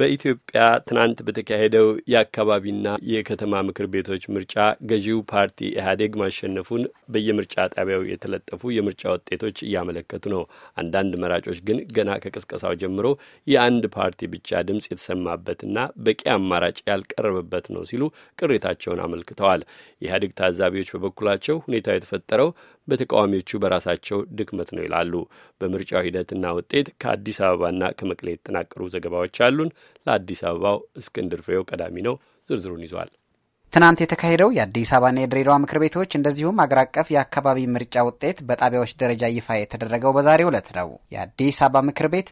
በኢትዮጵያ ትናንት በተካሄደው የአካባቢና የከተማ ምክር ቤቶች ምርጫ ገዢው ፓርቲ ኢህአዴግ ማሸነፉን በየምርጫ ጣቢያው የተለጠፉ የምርጫ ውጤቶች እያመለከቱ ነው። አንዳንድ መራጮች ግን ገና ከቅስቀሳው ጀምሮ የአንድ ፓርቲ ብቻ ድምፅ የተሰማበትና በቂ አማራጭ ያልቀረበበት ነው ሲሉ ቅሬታቸውን አመልክተዋል። የኢህአዴግ ታዛቢዎች በበኩላቸው ሁኔታው የተፈጠረው በተቃዋሚዎቹ በራሳቸው ድክመት ነው ይላሉ። በምርጫው ሂደትና ውጤት ከአዲስ አበባና ከመቀሌ የተጠናቀሩ ዘገባዎች አሉን። ለአዲስ አበባው እስክንድር ፍሬው ቀዳሚ ነው። ዝርዝሩን ይዟል። ትናንት የተካሄደው የአዲስ አበባና የድሬዳዋ ምክር ቤቶች እንደዚሁም አገር አቀፍ የአካባቢ ምርጫ ውጤት በጣቢያዎች ደረጃ ይፋ የተደረገው በዛሬ ዕለት ነው። የአዲስ አበባ ምክር ቤት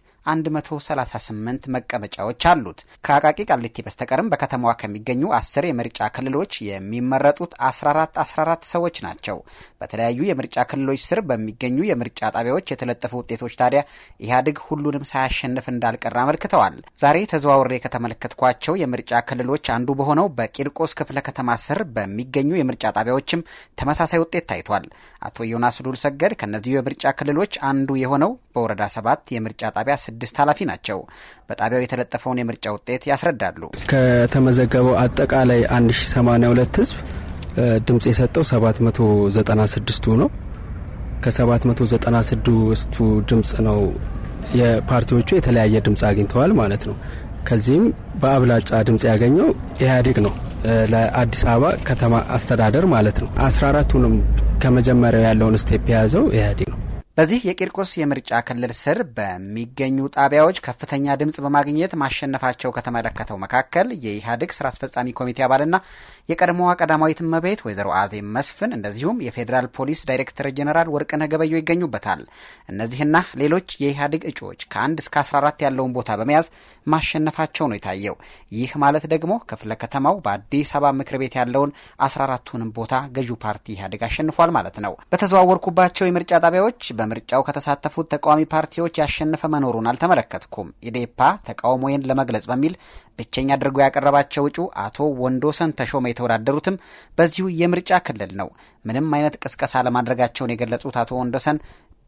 138 መቀመጫዎች አሉት። ከአቃቂ ቃሊቲ በስተቀርም በከተማዋ ከሚገኙ አስር የምርጫ ክልሎች የሚመረጡት 14 14 ሰዎች ናቸው። በተለያዩ የምርጫ ክልሎች ስር በሚገኙ የምርጫ ጣቢያዎች የተለጠፉ ውጤቶች ታዲያ ኢህአዴግ ሁሉንም ሳያሸንፍ እንዳልቀረ አመልክተዋል። ዛሬ ተዘዋውሬ ከተመለከትኳቸው የምርጫ ክልሎች አንዱ በሆነው በቂርቆስ ክፍለ ከተማ ስር በሚገኙ የምርጫ ጣቢያዎችም ተመሳሳይ ውጤት ታይቷል። አቶ ዮናስ ዱል ሰገድ ከእነዚሁ የምርጫ ክልሎች አንዱ የሆነው በወረዳ ሰባት የምርጫ ጣቢያ ስድስት ኃላፊ ናቸው። በጣቢያው የተለጠፈውን የምርጫ ውጤት ያስረዳሉ። ከተመዘገበው አጠቃላይ 1082 ህዝብ ድምጽ የሰጠው 796ቱ ነው። ከ796ቱ ድምጽ ነው የፓርቲዎቹ የተለያየ ድምጽ አግኝተዋል ማለት ነው። ከዚህም በአብላጫ ድምጽ ያገኘው ኢህአዴግ ነው። ለአዲስ አበባ ከተማ አስተዳደር ማለት ነው። አስራ አራቱንም ከመጀመሪያው ያለውን ስቴፕ የያዘው ኢህአዴግ ነው። በዚህ የቂርቆስ የምርጫ ክልል ስር በሚገኙ ጣቢያዎች ከፍተኛ ድምፅ በማግኘት ማሸነፋቸው ከተመለከተው መካከል የኢህአዴግ ስራ አስፈጻሚ ኮሚቴ አባልና የቀድሞዋ ቀዳማዊት እመቤት ወይዘሮ አዜብ መስፍን እንደዚሁም የፌዴራል ፖሊስ ዳይሬክተር ጀኔራል ወርቅነህ ገበየሁ ይገኙበታል። እነዚህና ሌሎች የኢህአዴግ እጩዎች ከአንድ እስከ 14 ያለውን ቦታ በመያዝ ማሸነፋቸው ነው የታየው። ይህ ማለት ደግሞ ክፍለ ከተማው በአዲስ አበባ ምክር ቤት ያለውን 14ቱንም ቦታ ገዢው ፓርቲ ኢህአዴግ አሸንፏል ማለት ነው። በተዘዋወርኩባቸው የምርጫ ጣቢያዎች በምርጫው ከተሳተፉት ተቃዋሚ ፓርቲዎች ያሸነፈ መኖሩን አልተመለከትኩም። ኢዴፓ ተቃውሞዬን ለመግለጽ በሚል ብቸኛ አድርጎ ያቀረባቸው እጩ አቶ ወንዶሰን ተሾመ የተወዳደሩትም በዚሁ የምርጫ ክልል ነው። ምንም አይነት ቅስቀሳ ለማድረጋቸውን የገለጹት አቶ ወንዶሰን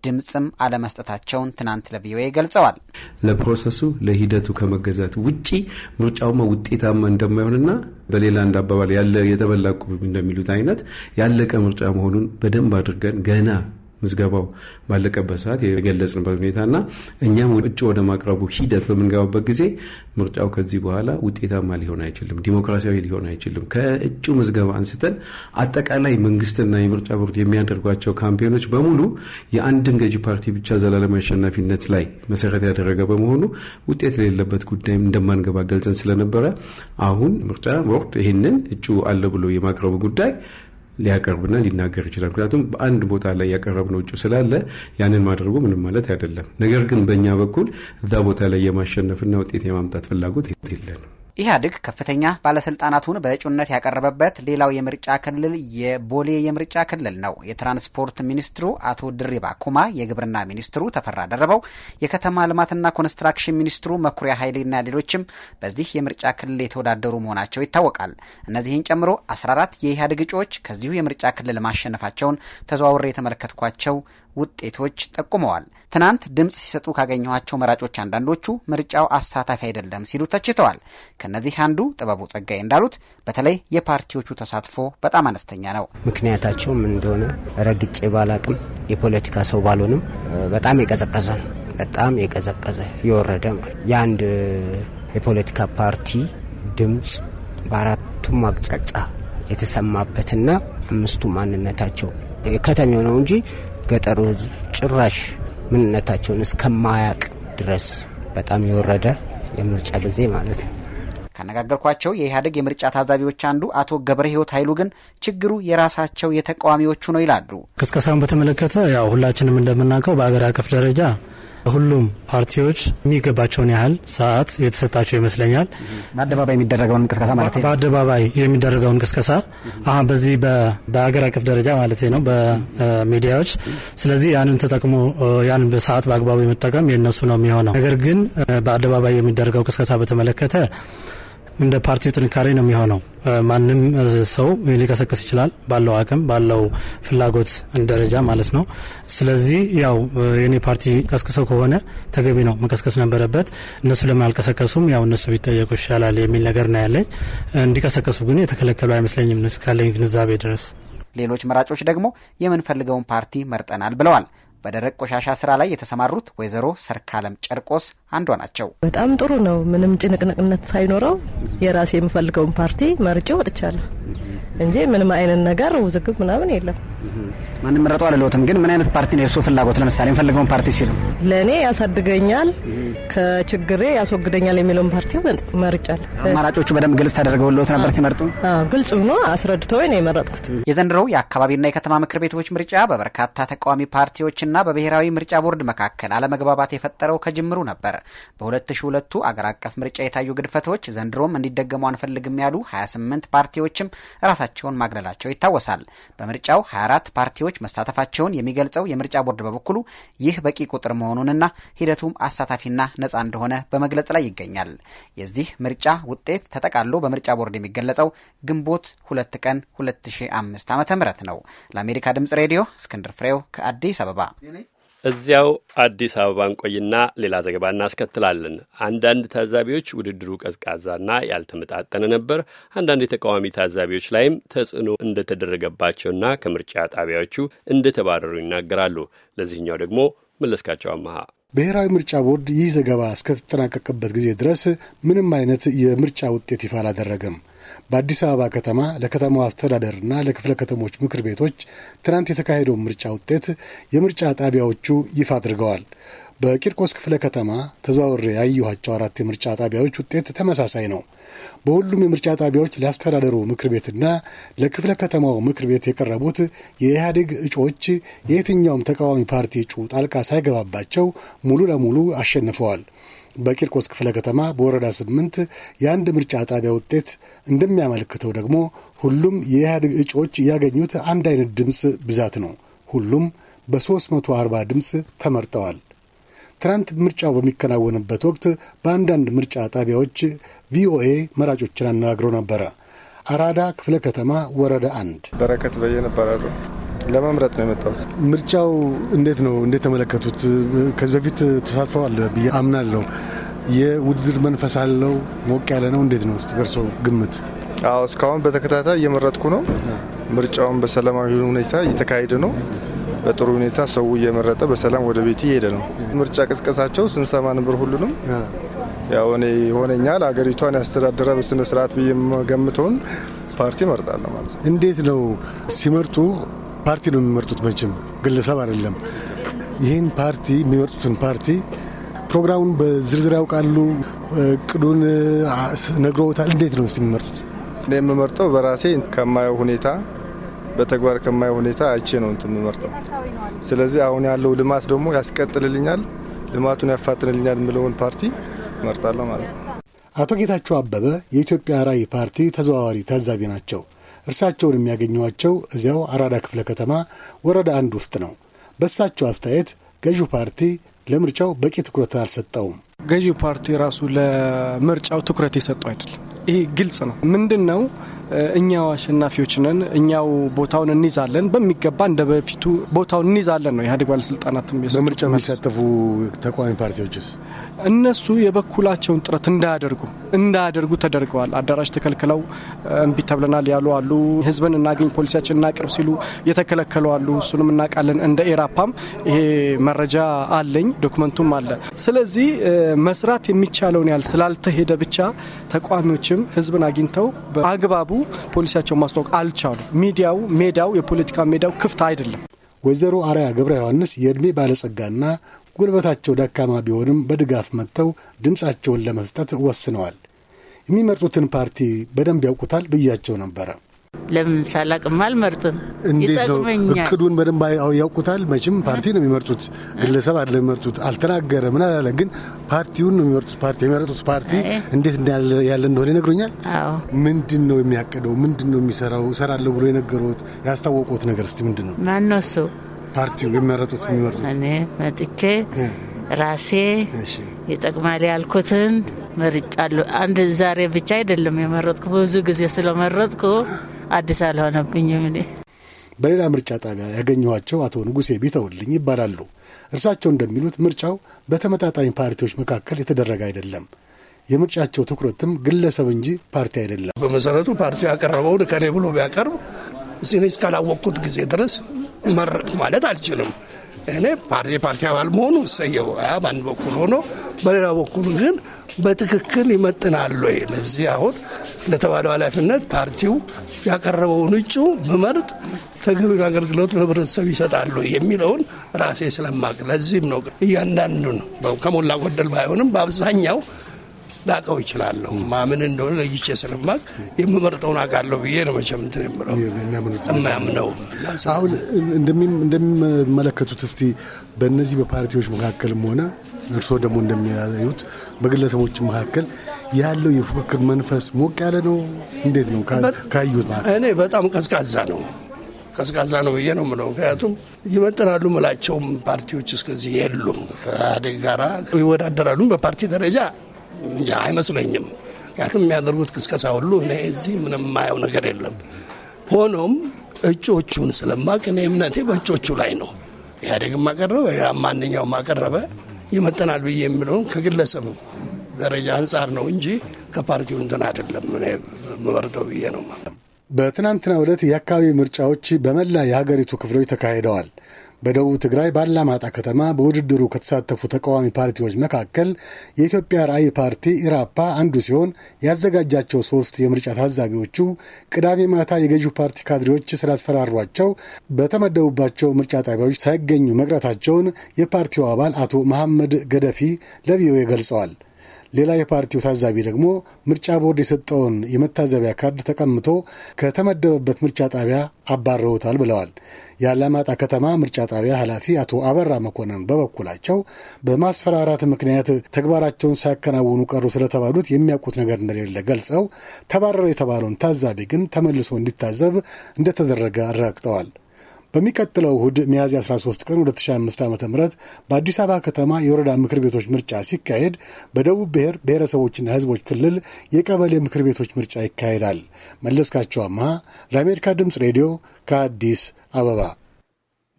ድምፅም አለመስጠታቸውን ትናንት ለቪኦኤ ገልጸዋል። ለፕሮሰሱ ለሂደቱ ከመገዛት ውጪ ምርጫውማ ውጤታማ እንደማይሆንና በሌላ አንድ አባባል ያለ የተበላቁ እንደሚሉት አይነት ያለቀ ምርጫ መሆኑን በደንብ አድርገን ገና ምዝገባው ባለቀበት ሰዓት የገለጽንበት ሁኔታና እኛም እጩ ወደ ማቅረቡ ሂደት በምንገባበት ጊዜ ምርጫው ከዚህ በኋላ ውጤታማ ሊሆን አይችልም፣ ዲሞክራሲያዊ ሊሆን አይችልም። ከእጩ ምዝገባ አንስተን አጠቃላይ መንግስትና የምርጫ ቦርድ የሚያደርጓቸው ካምፔኖች በሙሉ የአንድን ገዢ ፓርቲ ብቻ ዘላለም አሸናፊነት ላይ መሰረት ያደረገ በመሆኑ ውጤት ሌለበት ጉዳይም እንደማንገባ ገልጸን ስለነበረ አሁን ምርጫ ቦርድ ይህንን እጩ አለ ብሎ የማቅረቡ ጉዳይ ሊያቀርብና ሊናገር ይችላል። ምክንያቱም በአንድ ቦታ ላይ ያቀረብነው እጩ ስላለ ያንን ማድረጉ ምንም ማለት አይደለም። ነገር ግን በእኛ በኩል እዛ ቦታ ላይ የማሸነፍና ውጤት የማምጣት ፍላጎት የለንም። ኢህአዴግ ከፍተኛ ባለስልጣናቱን በእጩነት ያቀረበበት ሌላው የምርጫ ክልል የቦሌ የምርጫ ክልል ነው። የትራንስፖርት ሚኒስትሩ አቶ ድሪባ ኩማ፣ የግብርና ሚኒስትሩ ተፈራ ደረበው፣ የከተማ ልማትና ኮንስትራክሽን ሚኒስትሩ መኩሪያ ኃይሌና ሌሎችም በዚህ የምርጫ ክልል የተወዳደሩ መሆናቸው ይታወቃል። እነዚህን ጨምሮ 14 የኢህአዴግ እጩዎች ከዚሁ የምርጫ ክልል ማሸነፋቸውን ተዘዋውሬ የተመለከትኳቸው ውጤቶች ጠቁመዋል። ትናንት ድምፅ ሲሰጡ ካገኘኋቸው መራጮች አንዳንዶቹ ምርጫው አሳታፊ አይደለም ሲሉ ተችተዋል። ከእነዚህ አንዱ ጥበቡ ጸጋይ እንዳሉት በተለይ የፓርቲዎቹ ተሳትፎ በጣም አነስተኛ ነው። ምክንያታቸውም እንደሆነ ረግጬ ባላቅም የፖለቲካ ሰው ባልሆንም በጣም የቀዘቀዘ ነው። በጣም የቀዘቀዘ የወረደ የአንድ የፖለቲካ ፓርቲ ድምፅ በአራቱም አቅጫጫ የተሰማበትና አምስቱ ማንነታቸው ከተሜው ነው እንጂ ገጠሩ ህዝብ ጭራሽ ምንነታቸውን እስከማያቅ ድረስ በጣም የወረደ የምርጫ ጊዜ ማለት ነው። ካነጋገርኳቸው የኢህአዴግ የምርጫ ታዛቢዎች አንዱ አቶ ገብረ ህይወት ኃይሉ ግን ችግሩ የራሳቸው የተቃዋሚዎቹ ነው ይላሉ። ቅስቀሳውን በተመለከተ ያው ሁላችንም እንደምናውቀው በአገር አቀፍ ደረጃ ሁሉም ፓርቲዎች የሚገባቸውን ያህል ሰዓት የተሰጣቸው ይመስለኛል። በአደባባይ የሚደረገውን ቅስቀሳ ማለት በአደባባይ የሚደረገውን እንቅስቃሴ በዚህ በሀገር አቀፍ ደረጃ ማለት ነው በሚዲያዎች ስለዚህ ያንን ተጠቅሞ ያንን በሰዓት በአግባቡ የመጠቀም የነሱ ነው የሚሆነው። ነገር ግን በአደባባይ የሚደረገው ቅስቀሳ በተመለከተ እንደ ፓርቲው ጥንካሬ ነው የሚሆነው። ማንም ሰው ሊቀሰቅስ ይችላል፣ ባለው አቅም ባለው ፍላጎት ደረጃ ማለት ነው። ስለዚህ ያው የኔ ፓርቲ ቀስቅሰው ከሆነ ተገቢ ነው መቀስቀስ ነበረበት። እነሱ ለምን አልቀሰቀሱም? ያው እነሱ ቢጠየቁ ይሻላል የሚል ነገር ነው ያለኝ። እንዲቀሰቀሱ ግን የተከለከሉ አይመስለኝም እስካለኝ ግንዛቤ ድረስ። ሌሎች መራጮች ደግሞ የምንፈልገውን ፓርቲ መርጠናል ብለዋል። በደረቅ ቆሻሻ ስራ ላይ የተሰማሩት ወይዘሮ ሰርካለም ጨርቆስ አንዷ ናቸው። በጣም ጥሩ ነው። ምንም ጭንቅንቅነት ሳይኖረው የራሴ የምፈልገውን ፓርቲ መርጬ ወጥቻለሁ እንጂ ምንም አይነት ነገር ውዝግብ ምናምን የለም። ማንም ምረጡ አልለትም። ግን ምን አይነት ፓርቲ ነው የእሱ ፍላጎት? ለምሳሌ የምፈልገውን ፓርቲ ሲሉ ለእኔ ያሳድገኛል፣ ከችግሬ ያስወግደኛል የሚለውን ፓርቲ መርጫለሁ። አማራጮቹ በደንብ ግልጽ ተደርገውለት ነበር ሲመርጡ? ግልጽ ሆኖ አስረድተው ነው የመረጥኩት። የዘንድሮው የአካባቢና የከተማ ምክር ቤቶች ምርጫ በበርካታ ተቃዋሚ ፓርቲዎችና በብሔራዊ ምርጫ ቦርድ መካከል አለመግባባት የፈጠረው ከጅምሩ ነበር። በ2002ቱ አገር አቀፍ ምርጫ የታዩ ግድፈቶች ዘንድሮም እንዲደገሙ አንፈልግም ያሉ 28 ፓርቲዎችም ራሳቸውን ማግለላቸው ይታወሳል። በምርጫው 24 ፓርቲዎች እጩዎች መሳተፋቸውን የሚገልጸው የምርጫ ቦርድ በበኩሉ ይህ በቂ ቁጥር መሆኑንና ሂደቱም አሳታፊና ነጻ እንደሆነ በመግለጽ ላይ ይገኛል። የዚህ ምርጫ ውጤት ተጠቃሎ በምርጫ ቦርድ የሚገለጸው ግንቦት ሁለት ቀን 2005 ዓ ም ነው። ለአሜሪካ ድምጽ ሬዲዮ እስክንድር ፍሬው ከአዲስ አበባ እዚያው አዲስ አበባ እንቆይና ሌላ ዘገባ እናስከትላለን። አንዳንድ ታዛቢዎች ውድድሩ ቀዝቃዛና ያልተመጣጠነ ነበር፣ አንዳንድ የተቃዋሚ ታዛቢዎች ላይም ተጽዕኖ እንደተደረገባቸውና ከምርጫ ጣቢያዎቹ እንደተባረሩ ይናገራሉ። ለዚህኛው ደግሞ መለስካቸው አመሃ ብሔራዊ ምርጫ ቦርድ ይህ ዘገባ እስከተጠናቀቀበት ጊዜ ድረስ ምንም አይነት የምርጫ ውጤት ይፋ አላደረገም። በአዲስ አበባ ከተማ ለከተማው አስተዳደርና ለክፍለ ከተሞች ምክር ቤቶች ትናንት የተካሄደውን ምርጫ ውጤት የምርጫ ጣቢያዎቹ ይፋ አድርገዋል። በቂርቆስ ክፍለ ከተማ ተዘዋውሬ ያየኋቸው አራት የምርጫ ጣቢያዎች ውጤት ተመሳሳይ ነው። በሁሉም የምርጫ ጣቢያዎች ለአስተዳደሩ ምክር ቤትና ለክፍለ ከተማው ምክር ቤት የቀረቡት የኢህአዴግ እጩዎች የየትኛውም ተቃዋሚ ፓርቲ እጩ ጣልቃ ሳይገባባቸው ሙሉ ለሙሉ አሸንፈዋል። በቂርቆስ ክፍለ ከተማ በወረዳ ስምንት የአንድ ምርጫ ጣቢያ ውጤት እንደሚያመለክተው ደግሞ ሁሉም የኢህአዴግ እጩዎች ያገኙት አንድ አይነት ድምፅ ብዛት ነው። ሁሉም በ340 ድምፅ ተመርጠዋል። ትናንት ምርጫው በሚከናወንበት ወቅት በአንዳንድ ምርጫ ጣቢያዎች ቪኦኤ መራጮችን አነጋግሮ ነበረ። አራዳ ክፍለ ከተማ ወረዳ አንድ በረከት በየነ እባላለሁ። ለመምረጥ ነው የመጣሁት። ምርጫው እንዴት ነው እንዴት ተመለከቱት? ከዚህ በፊት ተሳትፈዋል ብዬ አምናለሁ። የውድድር መንፈስ አለው ሞቅ ያለ ነው። እንዴት ነው በርሶ ግምት? አዎ እስካሁን በተከታታይ እየመረጥኩ ነው። ምርጫውን በሰላማዊ ሁኔታ እየተካሄደ ነው። በጥሩ ሁኔታ ሰው እየመረጠ በሰላም ወደ ቤቱ እየሄደ ነው። ምርጫ ቅስቀሳቸው ስንሰማ ነበር። ሁሉንም ያው እኔ ሆነኛል አገሪቷን ያስተዳደረ በስነ ስርዓት ብዬ የምገምተውን ፓርቲ እመርጣለሁ ማለት ነው። እንዴት ነው ሲመርጡ ፓርቲ ነው የሚመርጡት። መቼም ግለሰብ አይደለም። ይህን ፓርቲ የሚመርጡትን ፓርቲ ፕሮግራሙን በዝርዝር ያውቃሉ። እቅዱን ነግረውታል። እንዴት ነው የሚመርጡት? እኔ የምመርጠው በራሴ ከማየው ሁኔታ በተግባር ከማየው ሁኔታ አይቼ ነው እንትን የምመርጠው። ስለዚህ አሁን ያለው ልማት ደግሞ ያስቀጥልልኛል፣ ልማቱን ያፋጥንልኛል የምለውን ፓርቲ እመርጣለሁ ማለት ነው። አቶ ጌታቸው አበበ የኢትዮጵያ ራዕይ ፓርቲ ተዘዋዋሪ ታዛቢ ናቸው። እርሳቸውን የሚያገኟቸው እዚያው አራዳ ክፍለ ከተማ ወረዳ አንድ ውስጥ ነው። በእሳቸው አስተያየት ገዢው ፓርቲ ለምርጫው በቂ ትኩረት አልሰጠውም። ገዢው ፓርቲ ራሱ ለምርጫው ትኩረት የሰጠው አይደለም። ይሄ ግልጽ ነው። ምንድን ነው እኛው አሸናፊዎች ነን፣ እኛው ቦታውን እንይዛለን፣ በሚገባ እንደ በፊቱ ቦታውን እንይዛለን ነው ኢህአዴግ ባለስልጣናት። በምርጫ የሚሳተፉ ተቃዋሚ ፓርቲዎችስ እነሱ የበኩላቸውን ጥረት እንዳያደርጉ እንዳያደርጉ ተደርገዋል። አዳራሽ ተከልክለው እምቢ ተብለናል ያሉ አሉ። ህዝብን እናገኝ ፖሊሲያችን እናቅርብ ሲሉ የተከለከሉ አሉ። እሱንም እናውቃለን። እንደ ኤራፓም ይሄ መረጃ አለኝ፣ ዶክመንቱም አለ። ስለዚህ መስራት የሚቻለውን ያህል ስላልተሄደ ብቻ ተቃዋሚዎችም ህዝብን አግኝተው በአግባቡ ፖሊሲያቸውን ማስታወቅ አልቻሉ። ሚዲያው ሜዳው፣ የፖለቲካ ሜዳው ክፍት አይደለም። ወይዘሮ አርያ ገብረ ዮሐንስ የእድሜ ባለጸጋና ጉልበታቸው ደካማ ቢሆንም በድጋፍ መጥተው ድምፃቸውን ለመስጠት ወስነዋል። የሚመርጡትን ፓርቲ በደንብ ያውቁታል ብያቸው ነበረ። ለምን ሳላቅም አልመርጥም። እንዴት ነው እቅዱን በደንብ ያውቁታል? መቼም ፓርቲ ነው የሚመርጡት፣ ግለሰብ አለ የሚመርጡት። አልተናገረ ምን አላለ፣ ግን ፓርቲውን ነው የሚመርጡት። ፓርቲ የመረጡት ፓርቲ እንዴት ያለ እንደሆነ ይነግሩኛል። ምንድን ነው የሚያቅደው? ምንድን ነው የሚሰራው? እሰራለሁ ብሎ የነገሩት ያስታወቁት ነገር እስቲ ምንድን ነው? ነው እሱ ፓርቲው የመረጡት የሚመርጡት? እኔ መጥቼ ራሴ ይጠቅማል ያልኩትን መርጫለሁ። አንድ ዛሬ ብቻ አይደለም የመረጥኩ፣ ብዙ ጊዜ ስለመረጥኩ አዲስ አልሆነብኝም። እኔ በሌላ ምርጫ ጣቢያ ያገኘኋቸው አቶ ንጉሴ ቢተውልኝ ይባላሉ። እርሳቸው እንደሚሉት ምርጫው በተመጣጣኝ ፓርቲዎች መካከል የተደረገ አይደለም። የምርጫቸው ትኩረትም ግለሰብ እንጂ ፓርቲ አይደለም። በመሰረቱ ፓርቲ ያቀረበውን ከኔ ብሎ ቢያቀርብ እኔ እስካላወቅኩት ጊዜ ድረስ መረጥ ማለት አልችልም። እኔ ፓርቲ ፓርቲ አባል መሆኑ እሰየው በአንድ በኩል ሆኖ በሌላ በኩል ግን በትክክል ይመጥናሉ ወይ ለዚህ አሁን ለተባለው ኃላፊነት ፓርቲው ያቀረበውን እጩ ብመርጥ ተገቢውን አገልግሎት ለህብረተሰብ ይሰጣሉ የሚለውን ራሴ ስለማቅ ለዚህም ነው እያንዳንዱን ከሞላ ጎደል ባይሆንም በአብዛኛው ላቀው ይችላለሁ። ማምን እንደሆነ ለይቼ ስለማቅ የምመርጠውን አውቃለሁ ብዬ ነው መቼም እንትን የምለው አሁን እንደሚመለከቱት እስቲ በእነዚህ በፓርቲዎች መካከልም ሆነ እርስዎ ደግሞ እንደሚያዩት በግለሰቦች መካከል ያለው የፉክክር መንፈስ ሞቅ ያለ ነው? እንዴት ነው ካዩት? እኔ በጣም ቀዝቃዛ ነው ቀዝቃዛ ነው ብዬ ነው ምለው። ምክንያቱም ይመጥናሉ ምላቸውም ፓርቲዎች እስከዚህ የሉም። ከአደግ ጋራ ይወዳደራሉ በፓርቲ ደረጃ እንጃ አይመስለኝም። ምክንያቱም የሚያደርጉት ቅስቀሳ ሁሉ እኔ እዚህ ምንም የማየው ነገር የለም። ሆኖም እጩዎቹን ስለማቅ እኔ እምነቴ በእጩዎቹ ላይ ነው። ኢህአዴግም አቀረበ፣ ማንኛውም አቀረበ ይመጠናል ብዬ የሚለውን ከግለሰብ ደረጃ አንጻር ነው እንጂ ከፓርቲው እንትን አይደለም መመርጠው ብዬ ነው። በትናንትናው ዕለት የአካባቢ ምርጫዎች በመላ የሀገሪቱ ክፍሎች ተካሂደዋል። በደቡብ ትግራይ ባላማጣ ከተማ በውድድሩ ከተሳተፉ ተቃዋሚ ፓርቲዎች መካከል የኢትዮጵያ ራዕይ ፓርቲ ኢራፓ አንዱ ሲሆን ያዘጋጃቸው ሶስት የምርጫ ታዛቢዎቹ ቅዳሜ ማታ የገዢው ፓርቲ ካድሬዎች ስላስፈራሯቸው በተመደቡባቸው ምርጫ ጣቢያዎች ሳይገኙ መቅረታቸውን የፓርቲው አባል አቶ መሐመድ ገደፊ ለቪኦኤ ገልጸዋል። ሌላ የፓርቲው ታዛቢ ደግሞ ምርጫ ቦርድ የሰጠውን የመታዘቢያ ካርድ ተቀምቶ ከተመደበበት ምርጫ ጣቢያ አባረውታል ብለዋል። የአላማጣ ከተማ ምርጫ ጣቢያ ኃላፊ አቶ አበራ መኮንን በበኩላቸው በማስፈራራት ምክንያት ተግባራቸውን ሳያከናውኑ ቀሩ ስለተባሉት የሚያውቁት ነገር እንደሌለ ገልጸው ተባረረ የተባለውን ታዛቢ ግን ተመልሶ እንዲታዘብ እንደተደረገ አረጋግጠዋል። በሚቀጥለው እሁድ ሚያዝያ 13 ቀን 2005 ዓ ም በአዲስ አበባ ከተማ የወረዳ ምክር ቤቶች ምርጫ ሲካሄድ በደቡብ ብሔር ብሔረሰቦችና ህዝቦች ክልል የቀበሌ ምክር ቤቶች ምርጫ ይካሄዳል። መለስካቸው አማ ለአሜሪካ ድምፅ ሬዲዮ ከአዲስ አበባ።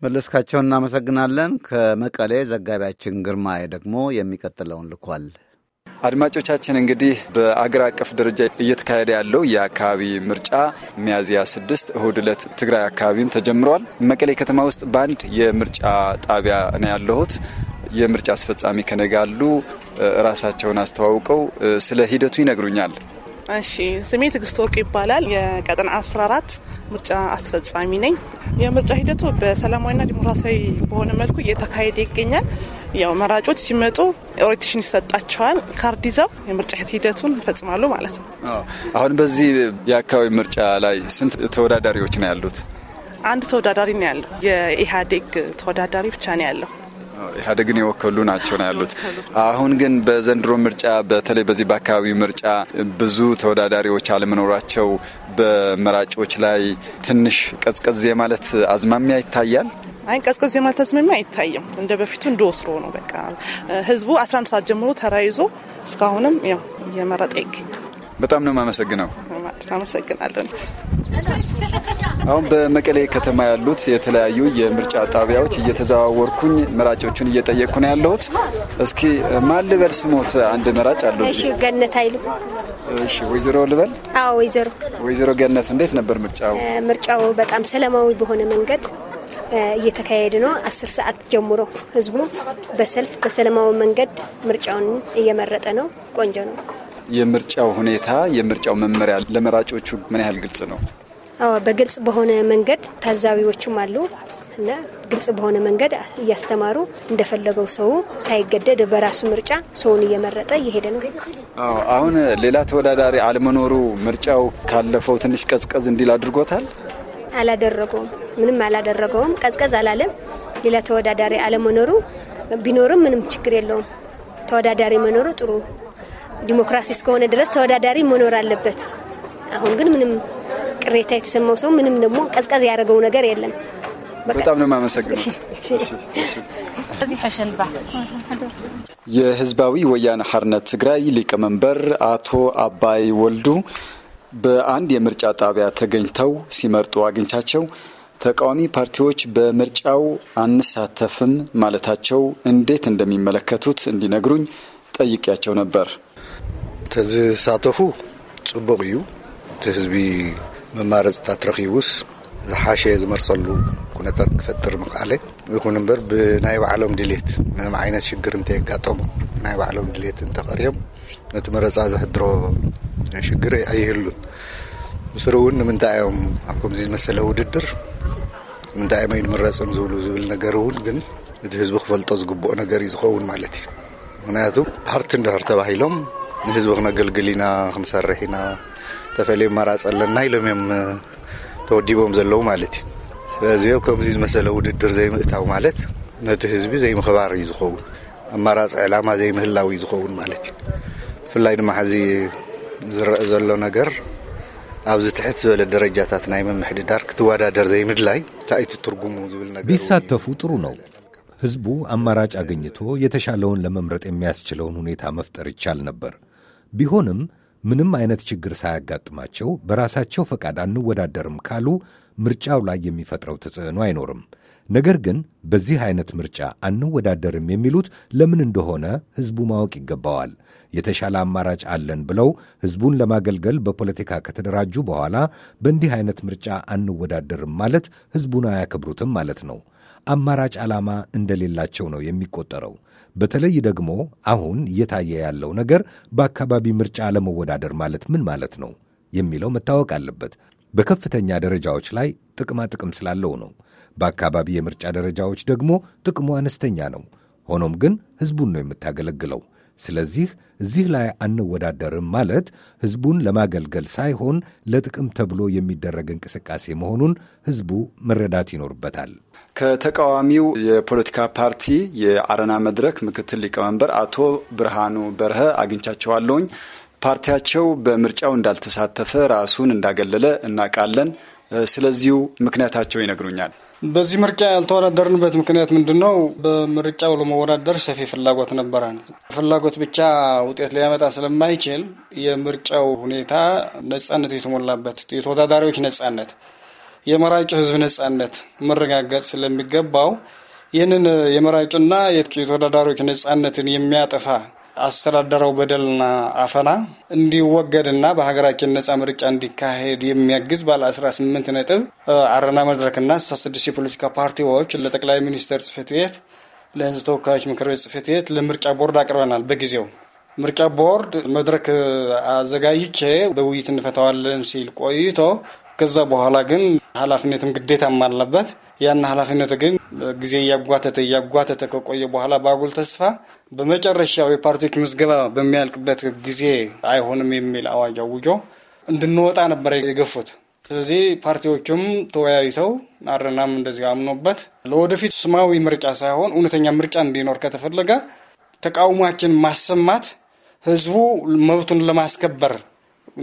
መለስካቸው እናመሰግናለን። ከመቀሌ ዘጋቢያችን ግርማ ደግሞ የሚቀጥለውን ልኳል። አድማጮቻችን እንግዲህ በአገር አቀፍ ደረጃ እየተካሄደ ያለው የአካባቢ ምርጫ ሚያዝያ ስድስት እሁድ ዕለት ትግራይ አካባቢም ተጀምረዋል። መቀሌ ከተማ ውስጥ በአንድ የምርጫ ጣቢያ ነው ያለሁት። የምርጫ አስፈጻሚ ከነጋሉ ራሳቸውን አስተዋውቀው ስለ ሂደቱ ይነግሩኛል። እሺ፣ ስሜ ትግስት ወርቅ ይባላል። የቀጠና 14 ምርጫ አስፈጻሚ ነኝ። የምርጫ ሂደቱ በሰላማዊና ዲሞክራሲያዊ በሆነ መልኩ እየተካሄደ ይገኛል። ያው መራጮች ሲመጡ ኦሪንቴሽን ይሰጣቸዋል። ካርድ ይዘው የምርጫ ሂደቱን ይፈጽማሉ ማለት ነው። አሁን በዚህ የአካባቢ ምርጫ ላይ ስንት ተወዳዳሪዎች ነው ያሉት? አንድ ተወዳዳሪ ነው ያለው። የኢህአዴግ ተወዳዳሪ ብቻ ነው ያለው። ኢህአዴግን የወከሉ ናቸው ነው ያሉት። አሁን ግን በዘንድሮ ምርጫ በተለይ በዚህ በአካባቢ ምርጫ ብዙ ተወዳዳሪዎች አለመኖራቸው በመራጮች ላይ ትንሽ ቀዝቀዝ የማለት አዝማሚያ ይታያል። አይ ቀዝቀዝ የማለት አዝማሚያ አይታይም። እንደ በፊቱ እንደ ወስሮ ነው። በቃ ህዝቡ 11 ሰዓት ጀምሮ ተራይዞ እስካሁንም ያው እየመረጠ ይገኛል። በጣም ነው የማመሰግነው። አመሰግናለን። አሁን በመቀሌ ከተማ ያሉት የተለያዩ የምርጫ ጣቢያዎች እየተዘዋወርኩኝ መራጮቹን እየጠየቅኩ ነው ያለሁት። እስኪ ማን ልበል ስሞት? አንድ መራጭ አለ። እሺ፣ ገነት አይሉ። እሺ፣ ወይዘሮ ልበል? አዎ፣ ወይዘሮ ወይዘሮ ገነት፣ እንዴት ነበር ምርጫው? ምርጫው በጣም ሰላማዊ በሆነ መንገድ እየተካሄደ ነው። አስር ሰዓት ጀምሮ ህዝቡ በሰልፍ በሰላማዊ መንገድ ምርጫውን እየመረጠ ነው። ቆንጆ ነው። የምርጫው ሁኔታ የምርጫው መመሪያ ለመራጮቹ ምን ያህል ግልጽ ነው? አዎ በግልጽ በሆነ መንገድ ታዛቢዎችም አሉ እና ግልጽ በሆነ መንገድ እያስተማሩ እንደፈለገው ሰው ሳይገደድ በራሱ ምርጫ ሰውን እየመረጠ እየሄደ ነው። አዎ አሁን ሌላ ተወዳዳሪ አለመኖሩ ምርጫው ካለፈው ትንሽ ቀዝቀዝ እንዲል አድርጎታል። አላደረገውም። ምንም አላደረገውም። ቀዝቀዝ አላለም። ሌላ ተወዳዳሪ አለመኖሩ ቢኖርም ምንም ችግር የለውም። ተወዳዳሪ መኖሩ ጥሩ ዲሞክራሲ እስከሆነ ድረስ ተወዳዳሪ መኖር አለበት። አሁን ግን ምንም ቅሬታ የተሰማው ሰው ምንም ደግሞ ቀዝቀዝ ያደረገው ነገር የለም። በጣም ነው የማመሰግነው። የህዝባዊ ወያነ ሓርነት ትግራይ ሊቀመንበር አቶ አባይ ወልዱ በአንድ የምርጫ ጣቢያ ተገኝተው ሲመርጡ አግኝቻቸው ተቃዋሚ ፓርቲዎች በምርጫው አንሳተፍም ማለታቸው እንዴት እንደሚመለከቱት እንዲነግሩኝ ጠይቄያቸው ነበር። ተዝሳተፉ ጽቡቅ እዩ እቲ ህዝቢ መማረፅታት ረኪቡስ ዝሓሸ ዝመርፀሉ ኩነታት ክፈጥር ምክኣለ ይኹን እምበር ብናይ ባዕሎም ድሌት ምንም ዓይነት ሽግር እንተየጋጠሙ ናይ ባዕሎም ድሌት እንተቀርዮም نت مرزع زحدرو شجرة أيهلون مسرون من تعيهم أقوم زي مسألة وددر من تعيهم أي مرة سنزول وزول نجارون جن الحزب خفل تزقبو أنا جاري زخون مالتي هنا يدو هرت عند هرت بحيلهم الحزب خنا جل جلينا خمسة رحينا تفعلي مرات الله نايلهم يم تودي بهم زلوا مالتي فازيو كم زي مسألة وددر زي مقتاو مالت نت الحزب زي مخبار يزخون أما راس علامة زي مهلا ويزخون مالتي ብፍላይ ድማ ሕዚ ዝረአ ዘሎ ነገር ኣብዚ ትሕት ዝበለ ደረጃታት ናይ መምሕድዳር ክትወዳደር ዘይምድላይ እንታይ እቲ ትርጉሙ ዝብል ነገር ቢሳተፉ ጥሩ ነው። ህዝቡ አማራጭ አገኝቶ የተሻለውን ለመምረጥ የሚያስችለውን ሁኔታ መፍጠር ይቻል ነበር። ቢሆንም ምንም አይነት ችግር ሳያጋጥማቸው በራሳቸው ፈቃድ አንወዳደርም ካሉ ምርጫው ላይ የሚፈጥረው ተጽዕኖ አይኖርም። ነገር ግን በዚህ አይነት ምርጫ አንወዳደርም የሚሉት ለምን እንደሆነ ሕዝቡ ማወቅ ይገባዋል። የተሻለ አማራጭ አለን ብለው ሕዝቡን ለማገልገል በፖለቲካ ከተደራጁ በኋላ በእንዲህ አይነት ምርጫ አንወዳደርም ማለት ሕዝቡን አያከብሩትም ማለት ነው። አማራጭ ዓላማ እንደሌላቸው ነው የሚቆጠረው። በተለይ ደግሞ አሁን እየታየ ያለው ነገር በአካባቢ ምርጫ ለመወዳደር ማለት ምን ማለት ነው የሚለው መታወቅ አለበት። በከፍተኛ ደረጃዎች ላይ ጥቅማ ጥቅም ስላለው ነው። በአካባቢ የምርጫ ደረጃዎች ደግሞ ጥቅሙ አነስተኛ ነው። ሆኖም ግን ሕዝቡን ነው የምታገለግለው። ስለዚህ እዚህ ላይ አንወዳደርም ማለት ሕዝቡን ለማገልገል ሳይሆን ለጥቅም ተብሎ የሚደረግ እንቅስቃሴ መሆኑን ሕዝቡ መረዳት ይኖርበታል። ከተቃዋሚው የፖለቲካ ፓርቲ የአረና መድረክ ምክትል ሊቀመንበር አቶ ብርሃኑ በርሀ አግኝቻቸዋለሁኝ። ፓርቲያቸው በምርጫው እንዳልተሳተፈ ራሱን እንዳገለለ እናውቃለን። ስለዚሁ ምክንያታቸው ይነግሩኛል። በዚህ ምርጫ ያልተወዳደርንበት ምክንያት ምንድን ነው? በምርጫው ለመወዳደር ሰፊ ፍላጎት ነበረ። ፍላጎት ብቻ ውጤት ሊያመጣ ስለማይችል የምርጫው ሁኔታ ነጻነት የተሞላበት የተወዳዳሪዎች ነጻነት፣ የመራጭ ህዝብ ነጻነት መረጋገጥ ስለሚገባው ይህንን የመራጭና የተወዳዳሪዎች ነጻነትን የሚያጠፋ አስተዳደረው በደልና አፈና እንዲወገድና በሀገራችን ነጻ ምርጫ እንዲካሄድ የሚያግዝ ባለ 18 ነጥብ አረና መድረክና 66 የፖለቲካ ፓርቲዎች ለጠቅላይ ሚኒስትር ጽህፈት ቤት፣ ለህዝብ ተወካዮች ምክር ቤት ጽህፈት ቤት፣ ለምርጫ ቦርድ አቅርበናል። በጊዜው ምርጫ ቦርድ መድረክ አዘጋጅቼ በውይይት እንፈታዋለን ሲል ቆይቶ ከዛ በኋላ ግን ኃላፊነትም ግዴታም አለበት። ያን ኃላፊነት ግን ጊዜ እያጓተተ እያጓተተ ከቆየ በኋላ በአጉል ተስፋ በመጨረሻው የፓርቲዎች ምዝገባ በሚያልቅበት ጊዜ አይሆንም የሚል አዋጅ አውጆ እንድንወጣ ነበር የገፉት። ስለዚህ ፓርቲዎቹም ተወያይተው አረናም እንደዚህ አምኖበት ለወደፊት ስማዊ ምርጫ ሳይሆን እውነተኛ ምርጫ እንዲኖር ከተፈለገ ተቃውሟችን ማሰማት ህዝቡ መብቱን ለማስከበር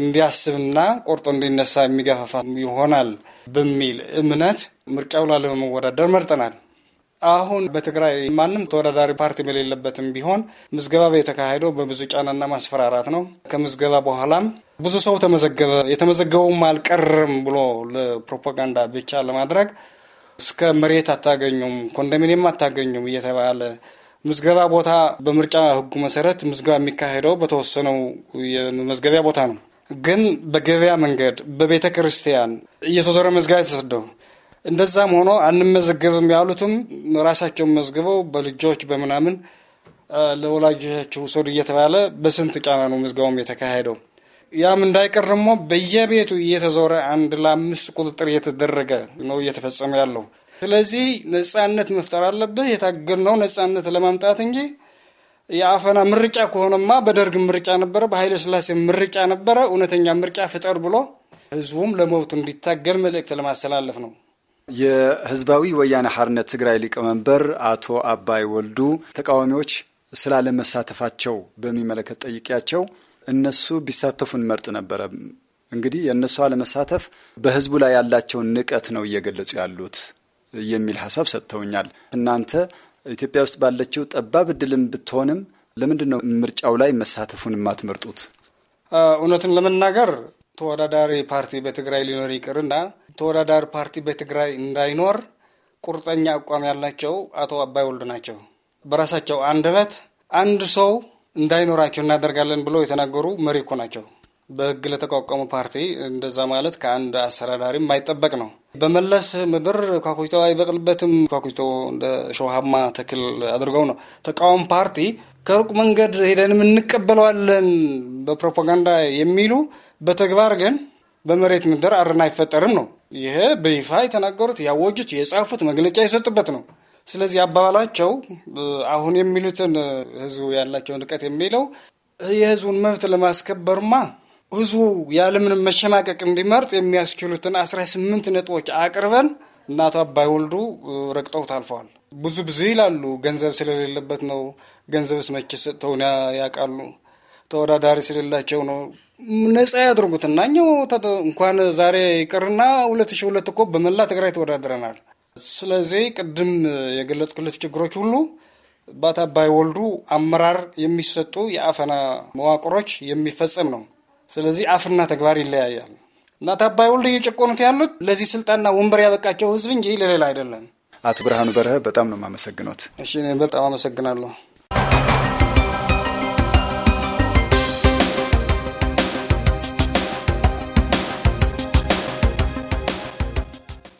እንዲያስብና ቆርጦ እንዲነሳ የሚገፋፋ ይሆናል በሚል እምነት ምርጫው ላለመወዳደር መርጠናል። አሁን በትግራይ ማንም ተወዳዳሪ ፓርቲ በሌለበትም ቢሆን ምዝገባ የተካሄደው በብዙ ጫናና ማስፈራራት ነው። ከምዝገባ በኋላም ብዙ ሰው ተመዘገበ፣ የተመዘገበውም አልቀርም ብሎ ለፕሮፓጋንዳ ብቻ ለማድረግ እስከ መሬት አታገኙም፣ ኮንዶሚኒየም አታገኙም እየተባለ ምዝገባ ቦታ በምርጫ ሕጉ መሰረት ምዝገባ የሚካሄደው በተወሰነው የመዝገቢያ ቦታ ነው። ግን በገበያ መንገድ፣ በቤተ ክርስቲያን እየተዞረ መዝገባ የተሰደው እንደዛም ሆኖ አንመዘገብም ያሉትም ራሳቸውን መዝግበው በልጆች በምናምን ለወላጆቻቸው ሰዱ እየተባለ በስንት ጫና ነው ምዝገባውም የተካሄደው። ያም እንዳይቀር ደግሞ በየቤቱ እየተዞረ አንድ ለአምስት ቁጥጥር እየተደረገ ነው እየተፈጸመ ያለው። ስለዚህ ነጻነት መፍጠር አለብህ። የታገልነው ነጻነት ለማምጣት እንጂ የአፈና ምርጫ ከሆነማ በደርግ ምርጫ ነበረ፣ በኃይለ ስላሴ ምርጫ ነበረ። እውነተኛ ምርጫ ፍጠር ብሎ ህዝቡም ለመብቱ እንዲታገል መልእክት ለማስተላለፍ ነው። የህዝባዊ ወያነ ሐርነት ትግራይ ሊቀመንበር አቶ አባይ ወልዱ ተቃዋሚዎች ስላለመሳተፋቸው በሚመለከት ጠይቄያቸው እነሱ ቢሳተፉ እንመርጥ ነበረ። እንግዲህ የእነሱ አለመሳተፍ በህዝቡ ላይ ያላቸውን ንቀት ነው እየገለጹ ያሉት የሚል ሀሳብ ሰጥተውኛል። እናንተ ኢትዮጵያ ውስጥ ባለችው ጠባብ እድልም ብትሆንም ለምንድን ነው ምርጫው ላይ መሳተፉን የማትመርጡት? እውነቱን ለመናገር ተወዳዳሪ ፓርቲ በትግራይ ሊኖር ይቅርና ተወዳዳሪ ፓርቲ በትግራይ እንዳይኖር ቁርጠኛ አቋም ያላቸው አቶ አባይ ወልድ ናቸው። በራሳቸው አንደበት አንድ ሰው እንዳይኖራቸው እናደርጋለን ብለው የተናገሩ መሪ እኮ ናቸው። በህግ ለተቋቋመ ፓርቲ እንደዛ ማለት ከአንድ አስተዳዳሪ የማይጠበቅ ነው። በመለስ ምድር ኳኩቶ አይበቅልበትም። ኳኩቶ እንደ ሸውሃማ ተክል አድርገው ነው ተቃዋሚ ፓርቲ ከሩቅ መንገድ ሄደንም እንቀበለዋለን በፕሮፓጋንዳ የሚሉ በተግባር ግን በመሬት ምድር አረና አይፈጠርም ነው። ይሄ በይፋ የተናገሩት ያወጁት፣ የጻፉት፣ መግለጫ የሰጡበት ነው። ስለዚህ አባባላቸው አሁን የሚሉትን ህዝቡ ያላቸውን ርቀት የሚለው የህዝቡን መብት ለማስከበርማ ህዝቡ ያለምንም መሸማቀቅ እንዲመርጥ የሚያስችሉትን አስራ ስምንት ነጥቦች አቅርበን እና አቶ አባይ ወልዱ ረግጠው ታልፈዋል። ብዙ ብዙ ይላሉ። ገንዘብ ስለሌለበት ነው። ገንዘብስ መቼ ሰጥተውን ያውቃሉ? ተወዳዳሪ ስለሌላቸው ነው። ነጻ ያድርጉት እና እኛው እንኳን ዛሬ ይቅርና ሁለት ሺ ሁለት እኮ በመላ ትግራይ ተወዳድረናል። ስለዚህ ቅድም የገለጥኩለት ችግሮች ሁሉ በአባይ ወልዱ አመራር የሚሰጡ የአፈና መዋቅሮች የሚፈጸም ነው። ስለዚህ አፍና ተግባር ይለያያል እና ታባይ ወልድ እየጨቆኑት ያሉት ለዚህ ስልጣንና ወንበር ያበቃቸው ህዝብ እንጂ ለሌላ አይደለም። አቶ ብርሃኑ በረሀ በጣም ነው የማመሰግኖት። እሺ በጣም አመሰግናለሁ።